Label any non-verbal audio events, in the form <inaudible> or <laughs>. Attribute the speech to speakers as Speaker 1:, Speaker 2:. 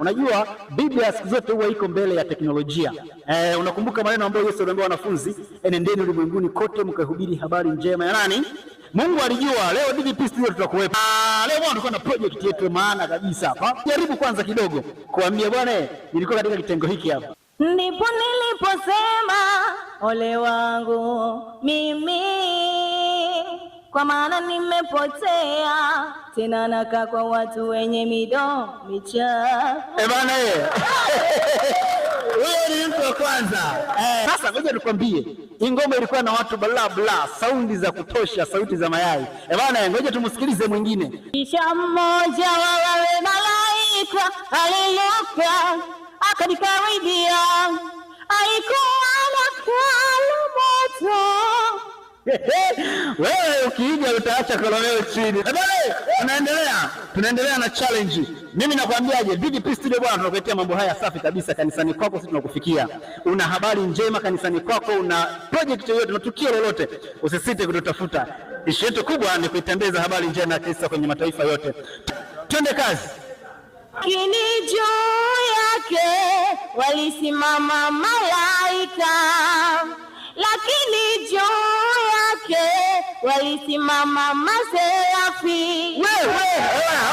Speaker 1: Unajua Biblia siku zote huwa iko mbele ya teknolojia. Eh, unakumbuka maneno ambayo Yesu aliwaambia wanafunzi, enendeni ulimwenguni kote mkahubiri habari njema ya nani? Mungu alijua leo DVP studio tutakuwepo. Ah, leo bwana tulikuwa na project yetu maana kabisa hapa. Jaribu kwanza kidogo kuambia bwana, nilikuwa katika kitengo hiki hapa.
Speaker 2: Ndipo niliposema ole wangu mimi kwa maana nimepotea, tena naka kwa watu wenye midomo michafu.
Speaker 1: Eh bana, <laughs> huyo ni mtu wa kwanza. Eh, sasa ngoja nikwambie, hii ngoma ilikuwa na watu bla bla, saundi za kutosha, sauti za mayai. Eh bana, ngoja tumsikilize mwingine.
Speaker 2: Kisha mmoja wa wale malaika alinuka akanikaribia
Speaker 1: wewe ukiiga utaacha koloneli chini. Eh, tunaendelea, tunaendelea na challenge. Mimi nakwambiaje, DDP Studio bwana, tunakuletea mambo haya safi kabisa kanisani kwako. Sisi tunakufikia, una habari njema kanisani kwako, una project yoyote na tukio lolote, usisite kututafuta. Ishi yetu kubwa ni kuitembeza habari njema ya Kristo kwenye mataifa yote. Twende kazi.
Speaker 2: Lakini juu yake walisimama malaya walisimama maserafi.
Speaker 1: Wewe